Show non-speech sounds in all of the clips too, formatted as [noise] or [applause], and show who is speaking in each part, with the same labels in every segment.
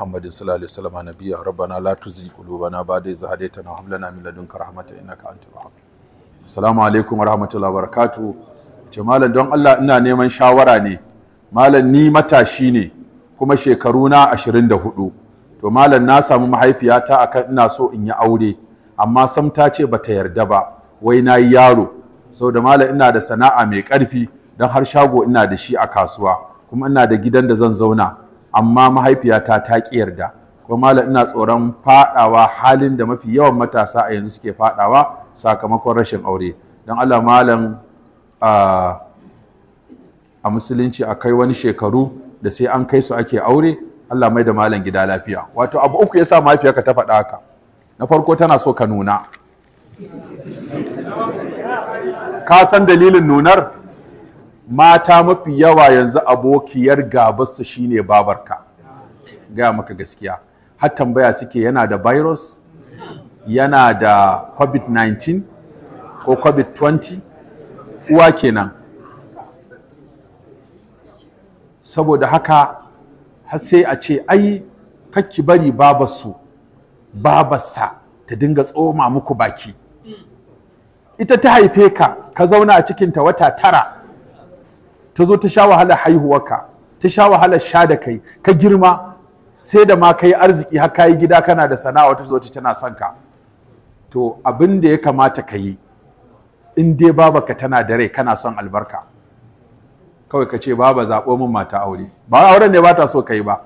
Speaker 1: محمد صلى الله عليه وسلم نبيا ربنا لا don Allah ina neman shawara ne malam ni matashi ne kuma shekaru na 24 to malam na samu mahaifiyata akan ina so in yi aure amma sam ta ce bata yarda ba wai na yi yaro da malam ina da sana'a mai karfi don har shago ina da shi a kasuwa kuma ina da gidan da zan zauna amma mahaifiyata ta ƙi yarda kuma malam ina tsoron faɗawa halin da mafi yawan matasa a yanzu suke faɗawa sakamakon rashin aure don Allah malam a musulunci a kai wani shekaru da sai an kai su ake aure Allah mai da malam gida lafiya wato abu uku yasa mahaifiyarka ta faɗa haka na farko tana so ka nuna ka san dalilin nunar mata mafi yawa yanzu abokiyar gabarsu shine babarka gaya maka gaskiya har tambaya suke yana da virus yana da covid-19 ko covid-20 uwa kenan saboda haka sai a ce ai kakki bari babarsu babarsa ta dinga tsoma muku baki ita ta haife ka ka zauna a cikinta wata tara ta zo ta sha wahala haihuwarka ta sha wahala sha da kai ka girma sai da ma kai arziki har yi gida kana da sana'a ta zo ta tana son ka to abin da ya kamata ka yi in dai babaka tana da rai kana son albarka kawai ka ce baba zaɓo min mata aure ba auren ne ba ta so ka yi ba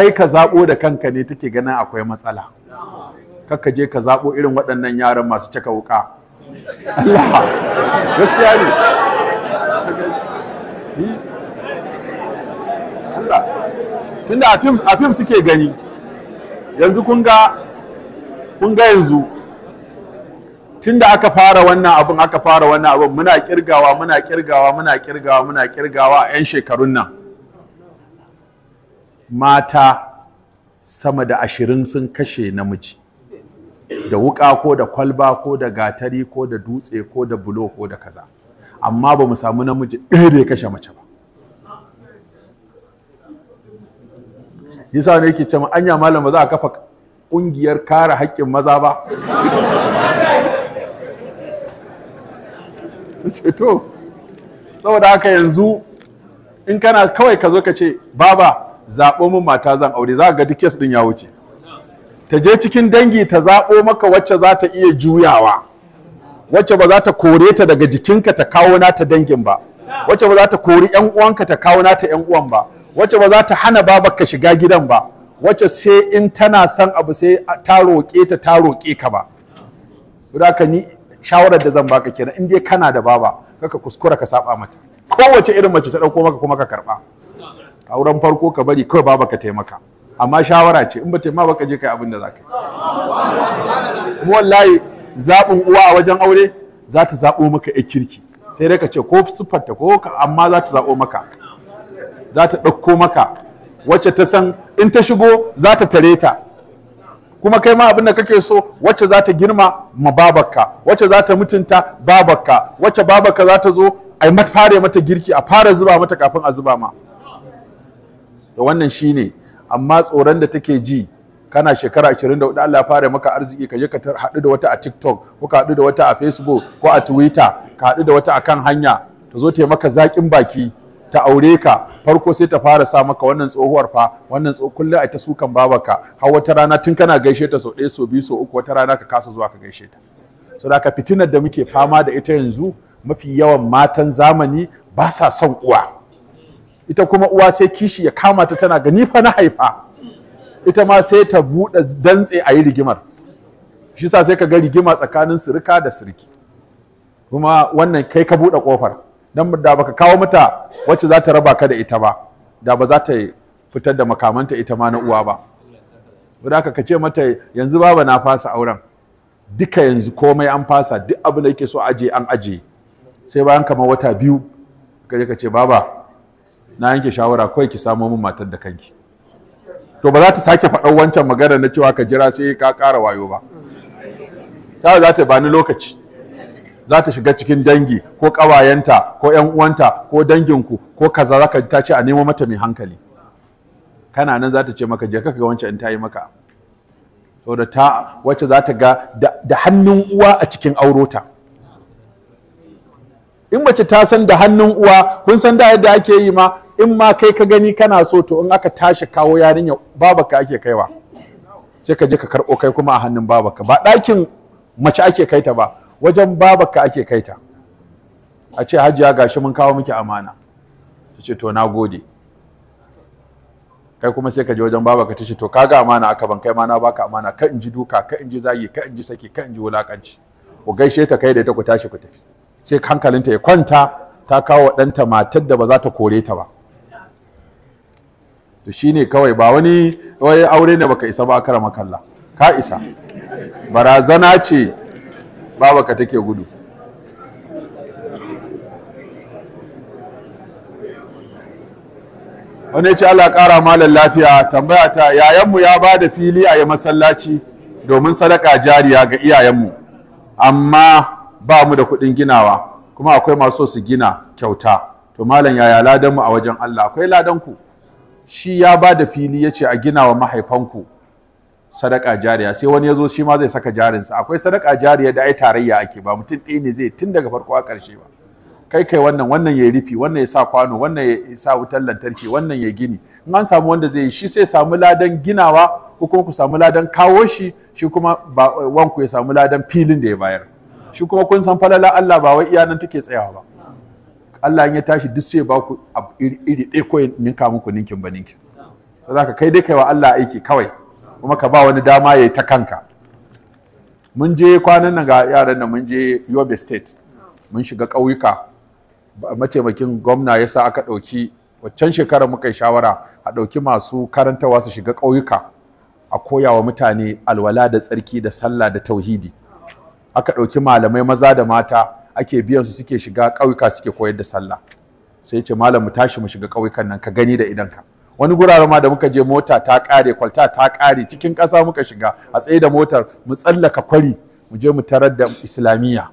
Speaker 1: kai ka zaɓo da kanka ne take ganin akwai matsala kaka je ka zaɓo irin waɗannan yaran masu caka wuka Allah gaskiya ne tunda a film a film suke gani yanzu kun ga kun ga yanzu tunda aka fara wannan abun aka fara wannan abun muna kirgawa muna kirgawa muna kirgawa muna kirgawa a yan shekarun nan mata sama da ashirin sun kashe namiji da wuƙa ko da kwalba ko da gatari ko da dutse ko da bulo ko da kaza amma ba mu samu namiji ɗaya da ya kashe mace ba yasa ne yake cewa anya malam za a kafa kungiyar kare haƙƙin maza ba ce to saboda haka yanzu in kana kawai ka zo ka ce baba zaɓo mun mata zan aure za ga duk kes din ya wuce ta je cikin dangi ta zaɓo maka wacce za ta iya juyawa wacce ba za ta kore ta daga jikinka ta kawo nata dangin ba wacce ba za ta kori yan uwanka ta kawo nata yan uwan ba wacce ba za ta hana babarka shiga gidan ba wacce sai in tana son abu sai ta roƙe ta ta roƙe ka ba ka ni shawarar da zan baka kenan in dai kana da baba kaka kuskura ka saba mata kowace irin mace ta ɗauko maka kuma ka karɓa auren farko ka bari kawai baba ka taimaka amma shawara ce in ba taimaka ba ka je kai abin da za ka yi wallahi zaɓin uwa a wajen aure za ta zaɓo maka 'yar kirki sai dai ka ce ko siffarta ko amma za ta zaɓo maka za ta ɗauko maka wacce ta san in ta shigo za ta tare ta kuma kai ma abin da kake so wacce za ta girma ma babakka wacce za ta mutunta babakka wacce babakka za ta zo a yi fare mata girki a fara zuba mata kafin a zuba ma da wannan shi ne. amma tsoron da take ji kana shekara 24 Allah ya fara maka arziki ka je ka haɗu da wata a TikTok ko ka haɗu da wata a Facebook ko a Twitter ka haɗu da wata a kan hanya ta zo ta maka zaƙin baki ta aure ka farko sai ta fara sa maka wannan tsohuwar fa wannan tso kullum a ta sukan babaka har wata rana tun kana gaishe ta sau ɗaya sau biyu sau uku wata rana ka kasa zuwa ka gaishe ta so da ka fitinar da muke fama da ita yanzu mafi yawan matan zamani ba sa son uwa ita kuma uwa sai kishi ya kama ta tana gani fa na haifa ita ma sai ta buɗe dantse a yi rigimar shi sa sai ka ga rigima tsakanin sirika da sirki kuma wannan kai ka buɗe ƙofar dan da baka kawo mata wacce za ta raba ka da ita ba da ba za ta fitar da makamanta ita ma na uwa ba da haka ka ce mata yanzu baba na fasa auren duka yanzu komai an fasa duk abu da yake so aje an aje sai bayan kamar wata biyu ka je ka ce baba na yanke shawara kawai ki samo min matar da kanki to ba za ta sake faɗan wancan magana na cewa ka jira sai ka ƙara wayo ba ta za ta bani lokaci za ta shiga cikin dangi ko ƙawayenta ko yan uwanta ko danginku ko kaza zaka ta ce a nemo mata mai hankali kana nan za ta ce maka je kaka wancan in ta yi maka saboda ta wacce za ta ga da hannun uwa a cikin aurota in mace ta san da hannun uwa kun san da yadda ake yi ma in ma kai ka gani kana so to in aka tashi kawo yarinya babaka ake kaiwa sai ka je ka karɓo kai kuma a hannun babaka ba ɗakin mace ake kaita ba wajen babaka ake kaita a ce hajiya gashi mun kawo miki amana su ce to na gode kai kuma sai ka je wajen babaka ta ce to kaga amana aka ban kai ma na baka amana ka in ji duka ka in ji zagi ka in ji saki ka in ji wulakanci ku gaishe ta kai da ta ku tashi ku tafi sai hankalinta ya kwanta ta kawo ɗanta matar da ba za ta kore ta ba to shine kawai ba wani wai aure ne baka isa ba karama kalla ka isa barazana ce babaka take gudu wani ya ce Allah ƙara malar lafiya tambaya ta yayanmu ya ba da fili a yi masallaci domin sadaka jariya ga iyayenmu amma ba mu da kuɗin ginawa kuma akwai masu su gina kyauta to malam yaya ladanmu a wajen Allah akwai ladanku shi ya ba da fili ya ce a gina wa mahaifanku sadaka jariya sai wani ya zo shi ma zai saka jarinsa akwai sadaka jariya da ai tarayya ake ba mutum ɗaya ne zai tun daga farko a ƙarshe ba kai kai wannan wannan ya rufi wannan ya sa kwano wannan ya sa wutar lantarki wannan ya gini in an samu wanda zai yi shi sai samu ladan ginawa ko kuma ku samu ladan kawo shi shi kuma wanku ya samu ladan filin da ya bayar shi kuma kun san falala Allah ba wai iyanan take tsayawa ba Allah ya tashi duk sai ba ku iri ɗaya ko ninka muku ninkin ba ninkin. Za ka kai dai kai wa Allah aiki kawai. kuma ka ba wani dama ya yi ta kanka mun je kwanan nan ga yaran nan mun je yobe state mun shiga ƙauyuka mataimakin gwamna ya sa aka ɗauki waccan shekarar muka yi shawara a ɗauki masu karantawa su shiga ƙauyuka a koya wa mutane alwala da tsarki da sallah da tauhidi aka ɗauki malamai maza da mata ake biyan su suke shiga ƙauyuka suke koyar da sallah sai ce malam mu tashi mu shiga ƙauyukan nan ka gani da idanka wani guraren ma da muka je mota ta kare kwalta ta kare cikin ƙasa muka shiga a tsaye da motar mu tsallaka kwari mu je mu tarar da islamiyya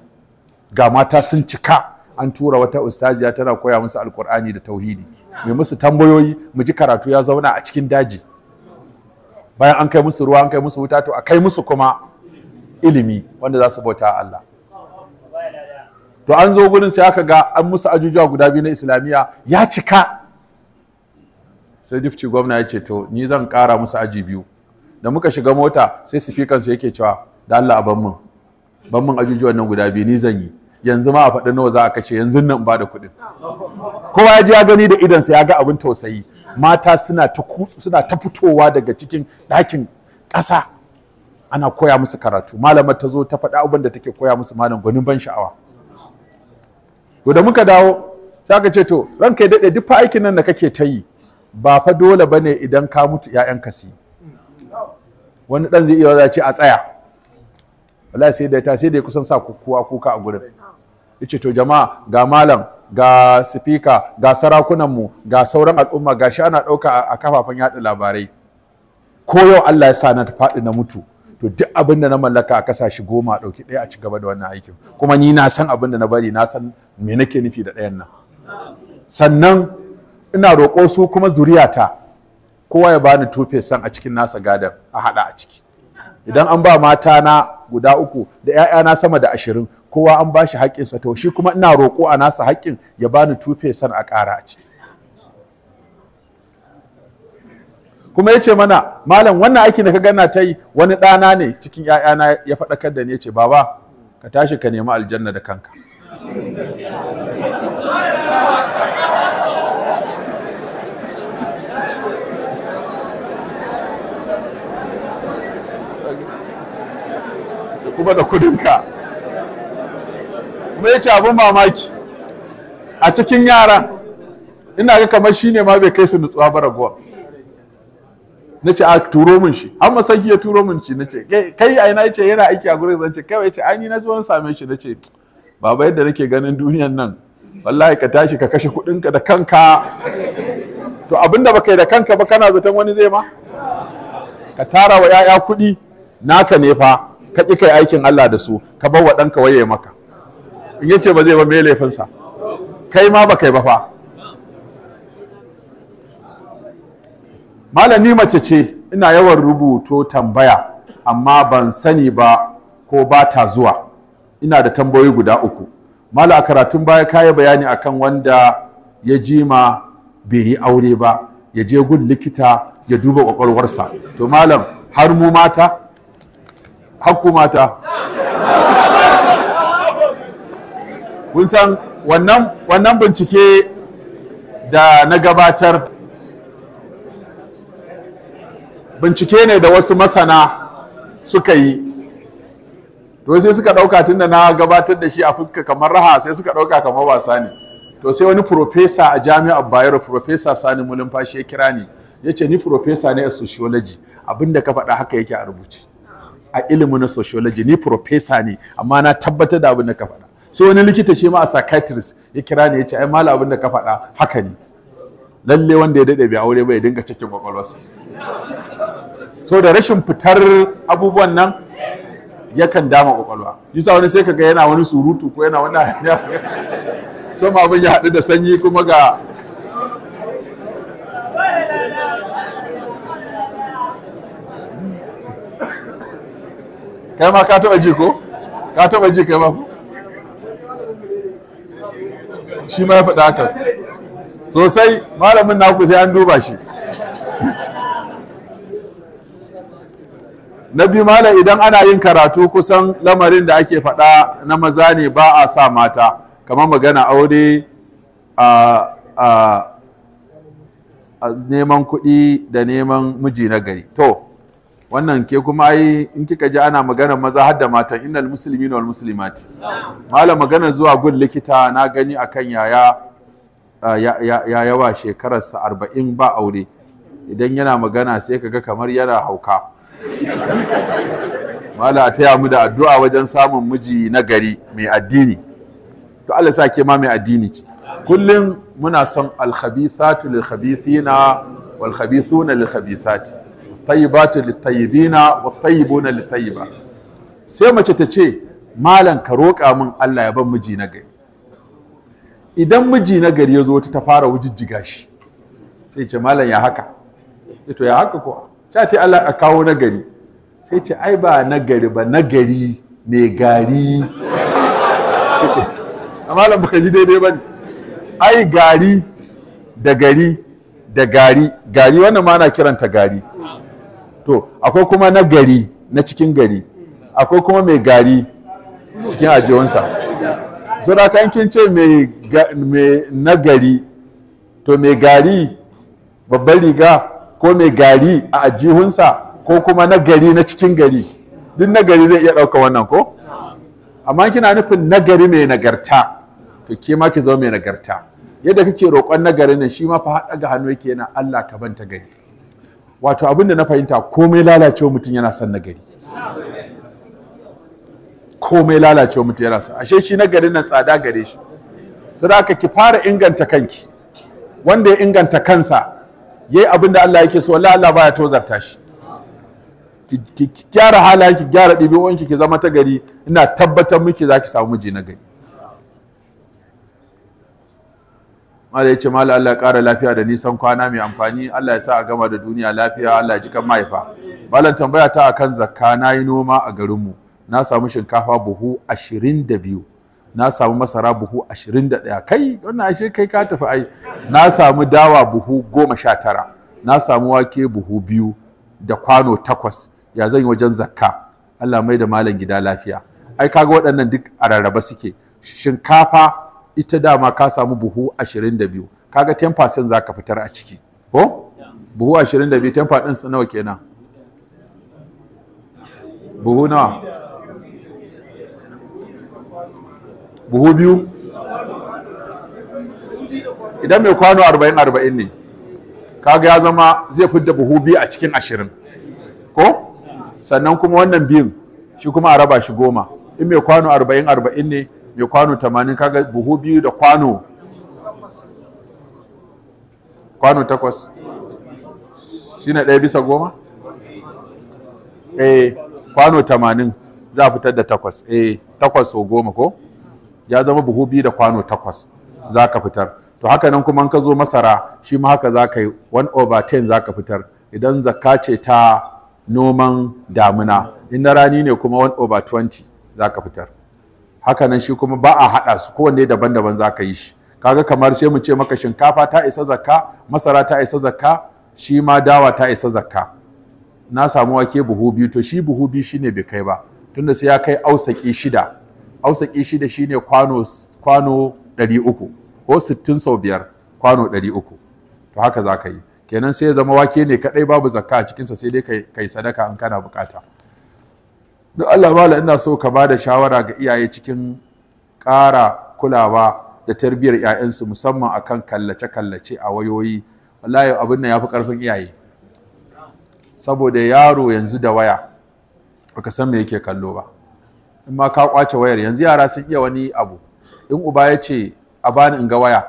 Speaker 1: ga mata sun cika an tura wata ustaziya tana koya musu alkur'ani da tauhidi mai musu tambayoyi mu ji karatu ya zauna a cikin daji bayan an kai musu ruwa an kai musu wuta to a kai musu kuma ilimi wanda za su bauta Allah to an zo gurin sai aka ga an musu ajujuwa guda biyu na islamiyya ya cika sai difti gwamna ya ce to ni zan kara musu aji biyu da muka shiga mota sai sifikansu yake cewa da Allah a banmu banmu ajujuwan nan guda biyu ni zan yi yanzu ma a faɗi nawa za a kashe yanzu nan ba da kuɗi? kowa ya ji ya gani da sa ya ga abin tausayi mata suna ta kutsu suna ta fitowa daga cikin ɗakin ƙasa ana koya musu karatu malamar ta zo ta faɗa abin da take koya musu malam gwanin ban sha'awa to da muka dawo sai ka ce to ranka ya daɗe duk fa aikin nan da kake ta yi ba fa dole ba ne idan ka mutu yayan si? wani ɗan zai iya ce a tsaya wallahi sai da ta sai da kusan sa kuwa kuka a gurin yace to jama'a ga malam ga sifika ga sarakunan mu, ga sauran al'umma ga shi ana ɗauka a kafafen yaɗa labarai ko yau Allah ya sa na faɗi na mutu to duk abin da na mallaka a kasashe goma ɗauki ɗaya a ci gaba da wannan aikin kuma ni na san abin da na bari na san me nake nufi da ɗayan nan sannan ina roƙo su kuma zuriyata kowa ya bani tufe san a cikin nasa gadon a haɗa a ciki idan an ba mata na guda uku da 'ya'yana sama da ashirin kowa an ba shi haƙƙinsa to shi kuma ina roƙo a nasa haƙƙin ya bani tufe san a ƙara a ciki kuma yace mana malam wannan aikin da ka gana ta yi wani ɗana ne cikin 'ya'yana ya faɗakar da ni yace baba ka tashi ka nemi aljanna da kanka kuma da kudinka kuma ya ce abin mamaki a cikin yaran ina ga kamar shi ne ma bai kai su nutsuwa ba ragowa na ce a turo min shi an masaki ya turo min shi na ce kai a ina ce yana aiki a gurin zance kai ya ce an yi na zuwan same shi na ce baba yadda nake ganin duniyan nan wallahi ka tashi ka kashe kuɗinka da kanka to abinda baka yi da kanka ba kana zaton wani zai ma ka tara wa 'ya'ya kuɗi naka ne fa ka ƙi kai aikin Allah da su ka bar wa ɗanka waye maka in ya ce ba zai ba me laifinsa kai ma ba kai ba fa malami mace ce ina yawan rubuto tambaya amma ban sani ba ko ba ta zuwa ina da tambayoyi guda uku Malam a karatun baya kayi bayani akan wanda ya jima bai yi aure ba ya je gun likita ya duba kwakwalwarsa to malam har mu mata hakku mata kun san wannan bincike da na gabatar bincike ne da wasu masana suka yi to sai suka ɗauka tunda na gabatar da shi a fuska kamar raha sai suka ɗauka kamar wasa ne to sai wani profesa a jami'ar bayero profesa sani mulumfashi ya kira ni yace ni profesa ne a sociology abinda ka faɗa haka yake a rubuce a ilimin na sociology ni professor ne amma na tabbatar da abin da ka faɗa so wani likita shi ma a psychiatrist ya kira ni ya ce ai malam abin da ka faɗa haka ne lalle wanda ya daɗe bai aure ba ya dinga cikin kwakwalwarsa so da rashin fitar abubuwan nan yakan dama kwakwalwa Yusa wani sai kaga yana wani surutu ko yana wani so [laughs] ma abin ya haɗu da sanyi kuma ga kai ma ka taba ji ko ka taba ji kai ma ko shi ma ya faɗa haka sosai malamin naku sai an duba shi na biyu malam idan ana yin karatu kusan lamarin da ake faɗa na maza ne ba a sa mata kamar magana aure a a neman kuɗi da neman miji na gari to wannan ke kuma ai in kika ji ana magana maza har da matan innal muslimina wal muslimat malam magana zuwa gun likita na gani akan yaya ah, ya yawa shekararsa arba'in ba aure idan yana magana sai kaga kamar yana hauka mala ta mu da addu'a wajen samun miji na gari mai addini to Allah sa ke ma mai addini ce kullum muna son alkhabithatu lil khabithina wal khabithuna lil khabithati tayyibatu littayyibina wa tayyibuna littayyiba sai mace ta ce malam ka roƙa min Allah ya ban miji na gari idan miji na gari ya zo ta ta fara wujijjiga shi sai ce malam ya haka to ya haka ko ta ta Allah a kawo na gari sai ce ai ba na gari ba na gari mai gari [laughs] malam baka ji daidai ba ne ai gari da gari da gari gari wannan ma na kiranta gari to akwai kuma na gari na cikin gari akwai kuma mai gari cikin ajiyonsa kan kin ce mai na gari to mai gari babban riga ko mai gari a ajihunsa ko kuma na gari na cikin gari duk na gari zai iya ɗauka wannan ko amma kina nufin nagari mai nagarta to ke ma ki zama mai nagarta yadda kake roƙon nagarin nan shi ma fa haɗa ga hannu yake yana Allah ka banta gari wato abin da na fahimta komai lalacewa mutum yana son nagari komai lalacewa mutum yana san ashe shi nagari nan tsada gare shi sai aka ki fara inganta kanki wanda ya inganta kansa yayi abin da Allah yake so wallahi Allah baya tozarta shi ki gyara ki gyara ɗabi'o'inki ki zama ta gari ina tabbatar miki zaki samu miji na gari Allah ya ce mala Allah ƙara lafiya da nisan kwana mai amfani Allah ya sa a gama da duniya lafiya Allah ya ji kan mahaifa malam tambaya ta akan zakka na yi noma a garin mu na samu shinkafa buhu ashirin na samu masara buhu ashirin da kai wannan ashe kai ka tafi ai na samu dawa buhu goma sha tara na samu wake buhu biyu da kwano takwas ya zan yi wajen zakka Allah mai da malam gida lafiya ai kaga waɗannan duk a rarraba suke shinkafa ita dama ka samu buhu 22 kaga 10% za ka fitar a ciki ko buhu 22 10% din su nawa kenan buhu nawa buhu biyu idan mai kwano 40-40 ne kaga ya zama zai fidda buhu biyu a cikin 20 ko sannan kuma wannan biyun shi kuma a raba shi goma in mai kwano 40-40 ne ya kwano tamanin kaga buhu biyu da kwano kwano takwas shi na ɗaya bisa goma? eh kwano tamanin za a fitar da takwas eh takwas so goma ko ya zama buhu biyu da kwano takwas za ka fitar to haka nan kuma ka zo masara shi ma haka za ka yi 1 over 10 za ka fitar idan zakka ce ta noman damina in na rani ne kuma 1 over 20 za ka fitar haka nan shi kuma ba a haɗa su kowanne daban-daban za ka yi shi kaga kamar sai mu ce maka shinkafa ta isa zakka masara ta isa zakka shi ma dawa ta isa zakka na samu wake buhu biyu to shi buhu biyu shine bai kai ba tunda sai ya kai ausaki shida ausaki shida shine kwano kwano ɗari uku ko sittin sau biyar kwano ɗari uku to haka za ka yi kenan sai ya zama wake ne kaɗai babu zakka a cikinsa sai dai kai sadaka in kana bukata duk Allah mala ina so ka ba da shawara ga iyaye cikin ƙara kulawa da tarbiyyar 'ya'yansu musamman akan kallace-kallace a wayoyi wallahi abin nan ya fi ƙarfin iyaye saboda yaro yanzu da waya baka san me yake kallo ba in ma ka kwace wayar yanzu yara sun iya wani abu in uba ya ce a bani in ga waya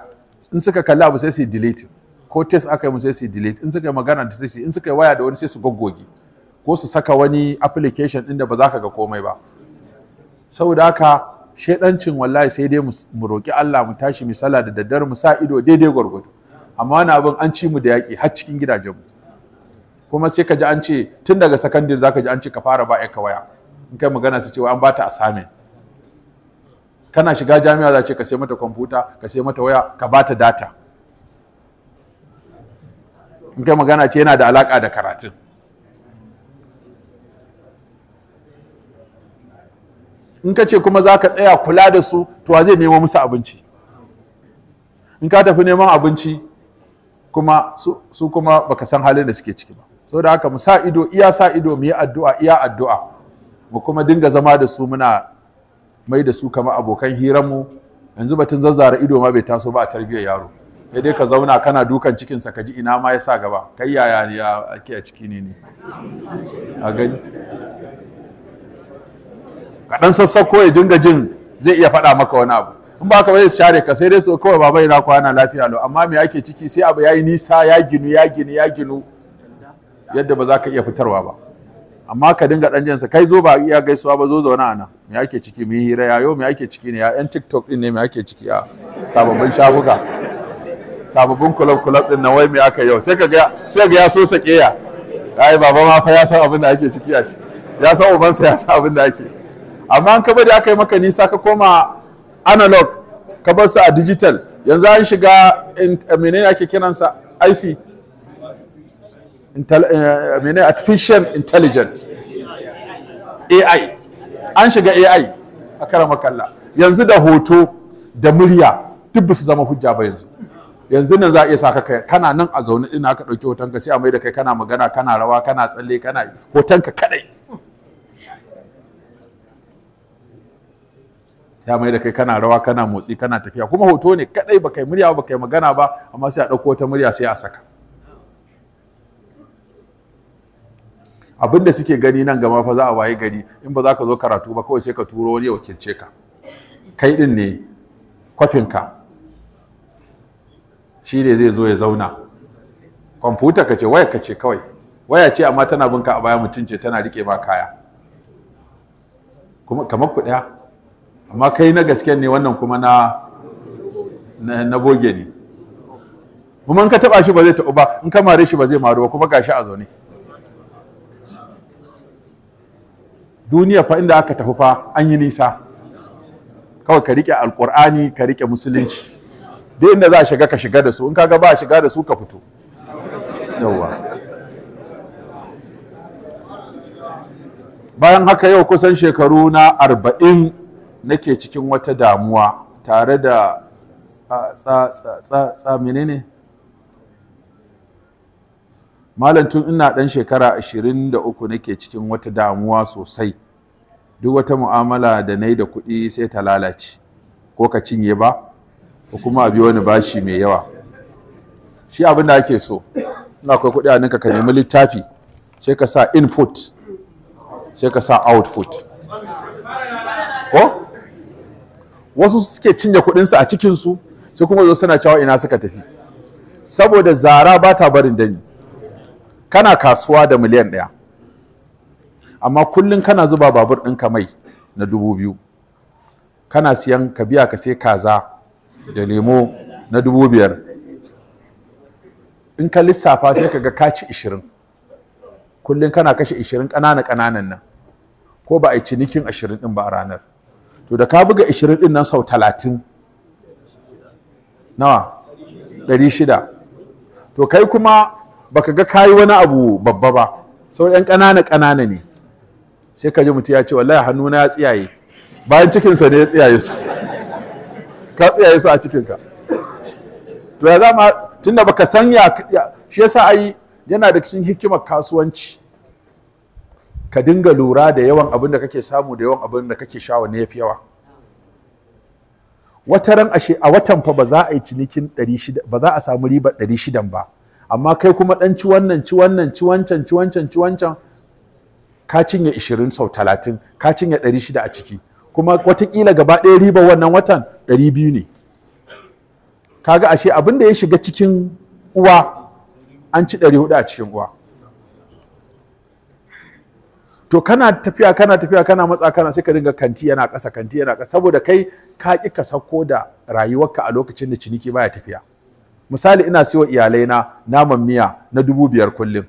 Speaker 1: in suka kalli abu sai su delete ko test aka yi mu sai su delete in suka yi magana sai su in suka yi waya da wani sai su goggoge ko su saka wani application ɗin da ba za ka ga komai ba saboda haka shaidancin wallahi sai dai mu roƙi Allah mu tashi misala da daddare mu sa ido daidai gwargwado amma wani abin an ci mu da yaƙi har cikin gidajen mu. kuma sai ka ji an ce tun daga sakandin za ji an ce ka fara ba ka waya in kai magana su cewa an ba ta kana shiga jami'a za ce ka sai mata kwamfuta ka sai mata waya ka ba ta data in kai magana ce yana da alaƙa da karatun in ka ce kuma za ka tsaya kula da su to zai nemo musu abinci in ka tafi neman abinci kuma su kuma baka san halin da suke ciki ba so da haka mu sa ido iya sa ido mu yi addu'a iya addu'a mu kuma dinga zama da su muna mai da su kama abokan hiranmu yanzu batun zazzara ido ma bai taso ba a tarbiyyar yaro sai dai ka zauna kana dukan cikinsa ka ji ina ma ya sa gaba kai yaya ne ake a ciki ne ne a gani Kaɗan sassauko ya dinga jin zai iya faɗa maka wani abu in ba ka bai share ka sai dai su kawai baba ina kwana lafiya lo amma me ake ciki sai abu yayi nisa ya ginu ya ginu ya ginu yadda ba za ka iya fitarwa ba amma ka dinga dan jinsa kai zo ba iya gaisuwa ba zo zauna a nan me ake ciki mu hira ya yo me ake ciki ne ya yan tiktok din ne me ake ciki a sababbin shafuka sababbin club club din nan wai me aka yau sai ka ga sai ga ya so sake ya ai baba ma fa ya san abin da ake ciki a shi ya san ubansa ya san abin da ake amma ka bari aka yi maka nisa ka koma analog ka bar su a digital yanzu an shiga eh, menene ake kiransa aifi eh, menene artificial intelligent ai an shiga ai a karama makalla. yanzu da hoto da murya duk su zama hujja ba yanzu yanzu nan za a iya sa ka kana nan a zaune ina ka ɗauki ka sai a mai da kai kana magana kana rawa kana tsalle kana ka kadai ya mai da kai kana rawa kana motsi kana tafiya kuma hoto ne kadai ba kai murya ba kai magana ba amma sai a ɗauko wata murya sai a saka Abinda suke gani nan gama fa za a waye gari in ba za ka zo karatu ba kawai sai ka turo wani ya wakilce ka kai din ne ka shi ne zai zo ya zauna kwamfuta ka ce waya ka ce kawai waya ce amma tana bunka a baya mutum ce tana rike ba kaya kuma kamar ku daya amma kai na gaske ne wannan kuma na na boge ne kuma in ka taba shi ba zai taɓa ba in ka mare shi ba zai maru ba kuma gashi a zaune duniya fa inda aka tafi fa an yi nisa kawai ka rike alkur'ani ka rike musulunci duk inda za a shiga ka shiga da su in kaga ba a shiga da su ka fito yawwa bayan haka yau kusan shekaru na arba'in nake cikin wata damuwa tare da tsa menene malam tun ina ɗan shekara 23 nake cikin wata damuwa sosai duk wata mu'amala da na da kuɗi sai ta lalace ko ka cinye ba ko kuma abi wani bashi mai yawa shi abin da ake so ina akwai kuɗi a ninka ka nemi littafi sai ka sa input sai ka sa output ko wasu suke cinye kuɗinsu a cikinsu sai kuma zo suna cewa ina suka tafi saboda zara ba ta barin dani kana kasuwa da miliyan ɗaya amma kullum kana zuba babur ɗinka mai na dubu biyu kana siyan ka biya ka sai kaza da lemo na dubu biyar in ka lissafa sai ka ga kaci ishirin kullum kana kashe ishirin ƙanana ƙananan nan ko ba a yi cinikin ashirin ɗin ba a ranar to da ka buga 20 din nan sau 30 nawa 600 to kai kuma baka ga kai wani abu babba ba sau yan ƙanana ƙanana ne sai ka ji mutum ya ce wallahi hannuna ya tsiyaye bayan cikinsa ne ya tsiyaye su ka tsiyaye su a cikinka to ya zama tunda baka san ya shi yasa ai yana da cikin hikimar kasuwanci ka dinga lura da yawan abin da kake samu da yawan abin da kake sha wanne yafi yawa wata ran ashe a watan fa ba za a yi cinikin 600 ba za a samu ribar 600 ba amma kai kuma dan ci wannan ci wannan ci wancan ci wancan ci wancan ka cinye 20 sau 30 ka cinye 600 a ciki kuma watakila gaba ɗaya ribar wannan watan 200 ne kaga ashe abin da ya shiga cikin uwa an ci 400 a cikin uwa to kana tafiya kana tafiya kana matsa kana sai ka dinga kanti yana ƙasa kanti yana ƙasa saboda kai ka ƙi ka sako da rayuwarka a lokacin da ciniki baya tafiya misali ina siyo iyalai na naman miya na dubu biyar kullum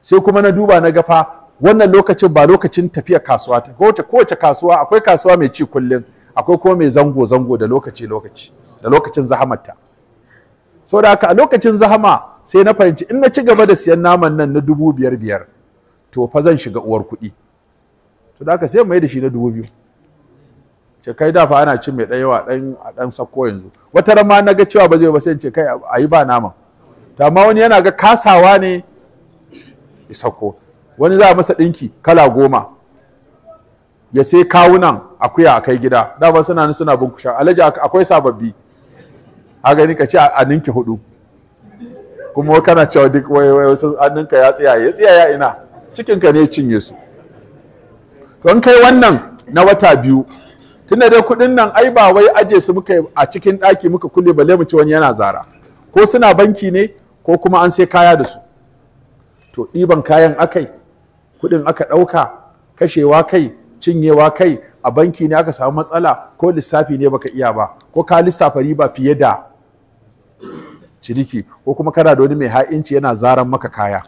Speaker 1: sai kuma na duba na ga fa wannan lokacin ba lokacin tafiya kasuwa ta kowace kowace kasuwa akwai kasuwa mai ci kullum akwai kuma mai zango zango da lokaci lokaci da lokacin zahamarta saboda haka a lokacin zahama sai na fahimci in na ci gaba da siyan naman nan na dubu biyar biyar to fa zan shiga uwar kuɗi to da aka sai mai da shi na dubu biyu ce kai da fa ana cin mai ɗaya yawa a ɗan sako yanzu wata rama na ga cewa ba zai ba sai ce kai a yi ba nama to amma wani yana ga kasawa ne ya sako wani za a masa ɗinki kala goma ya sai kawunan akuya a kai gida dama suna ni suna bin kusha alhaji akwai sababbi a gani ka ce a ninki hudu kuma kana cewa duk wai wai an ninka ya tsaya ya tsiyaya ina cikin ka ne cinye su don kai wannan na wata biyu tunda dai kuɗin nan ai ba wai aje su muka a cikin ɗaki muka kulle balle mu ci wani yana zara ko suna banki ne ko kuma an sai kaya da su to ɗiban kayan akai kuɗin aka ɗauka kashewa kai cinyewa kai a banki ne aka samu matsala ko lissafi ne baka iya ba ko ka lissafa riba fiye da ciniki ko kuma kana da wani mai ha'inci yana zaran maka kaya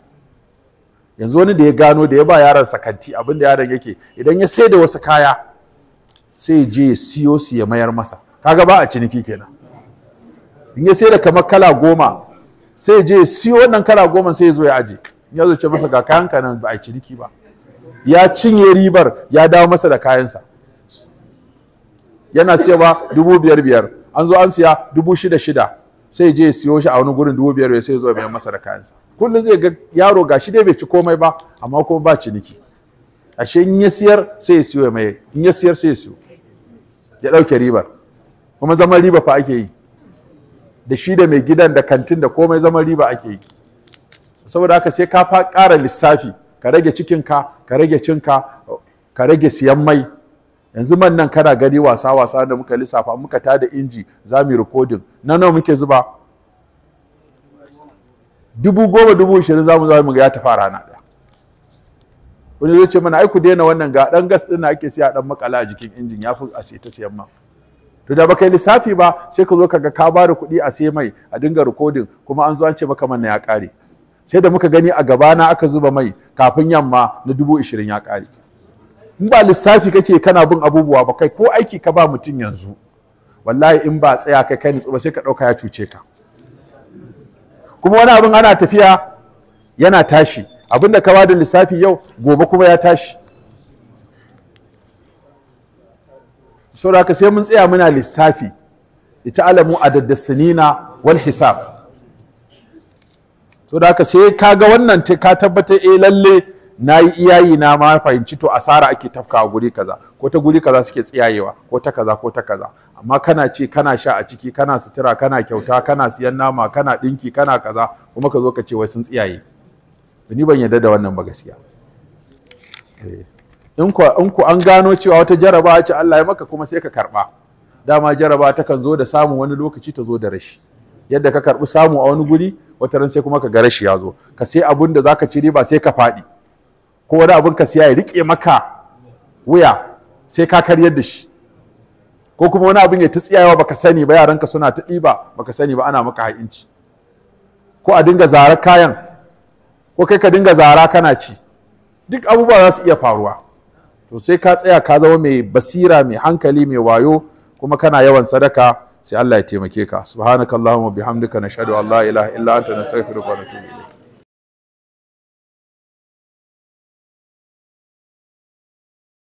Speaker 1: yanzu wani da ya gano da ya ba yaron sakanti abin da yaron yake idan ya sai da wasu kaya sai ya je siyo su ya mayar masa kaga ba a ciniki kenan in ya sai da kamar kala goma sai ya je siyo wannan kala goma sai ya zo ya aje in ya zo ce masa ga kayan nan ba a ciniki ba ya cinye ribar ya dawo masa da kayansa yana siya ba dubu biyar biyar an zo an siya dubu shida shida sai je ya siyo shi a wani gurin dubu biyar sai zo mai masa da kayansa kullum zai ga yaro ga shi dai bai ci komai ba amma kuma ba ciniki ashe in ya siyar sai ya siyo mai in ya siyar sai ya siyo ya dauke ribar kuma zaman riba fa ake yi da shi da mai gidan da kantin da komai zaman riba ake yi saboda haka sai ka fa kara lissafi ka rage cikinka ka rage cinka ka rage siyan mai yanzu man nan kana gani wasa wasa da muka lissafa muka tada inji za mu rikodin na nawa muke zuba dubu goma dubu ishirin za mu zama mu ga ya tafi a rana ɗaya wani zai ce mana ai ku daina wannan ga ɗan gas ɗin ake siya ɗan makala a jikin injin ya fi a siya ta siyan ma to da baka yi lissafi ba sai ka zo ka ga ka ba da kuɗi a sai mai a dinga rikodin kuma an zo an ce maka man ya ƙare sai da muka gani a gabana aka zuba mai kafin yamma na dubu ishirin ya ƙare in ba lissafi kake kana bin abubuwa ba kai ko aiki ka ba mutum yanzu wallahi in ba tsaya kai kai nutsu ba sai ka ɗauka ya cuce ka kuma wani abin ana tafiya yana tashi Abinda ka ba da lissafi yau gobe kuma ya tashi saboda sai mun tsaya muna lissafi ita alamu adaddasinina wal hisab Sau da haka sai ka ga wannan ka tabbatar eh lalle na yi iyayi na ma fahimci to asara ake tafka a guri kaza ko ta guri kaza suke tsiyayewa ko ta kaza ko ta kaza amma kana ce kana sha a ciki kana sutura kana kyauta kana siyan nama kana dinki kana kaza kuma ka zo ka ce wai sun tsiyaye ni ban yarda da wannan ba gaskiya eh. in ku in ku an gano cewa wata jaraba ce Allah ya maka kuma sai ka karba dama jaraba ta kan zo da samu wani lokaci ta zo da rashi yadda ka karbi samu a wani guri wata ran sai kuma ka ga rashi ya zo ka sai abun da zaka ci riba sai ka faɗi ko wani abin ka siya ya rike maka wuya sai ka karyar da shi ko kuma wani abin ya ta tsiyawa baka sani ba yaranka suna ta ɗiba baka sani ba ana maka ha'inci ko a dinga zara kayan ko kai ka dinga zara kana ci duk abubuwa za su iya faruwa to sai ka tsaya ka zama mai basira mai hankali mai wayo kuma kana yawan sadaka sai Allah ya taimake ka subhanakallahumma bihamdika nashhadu an la ilaha illa anta nastaghfiruka wa natubu ilayk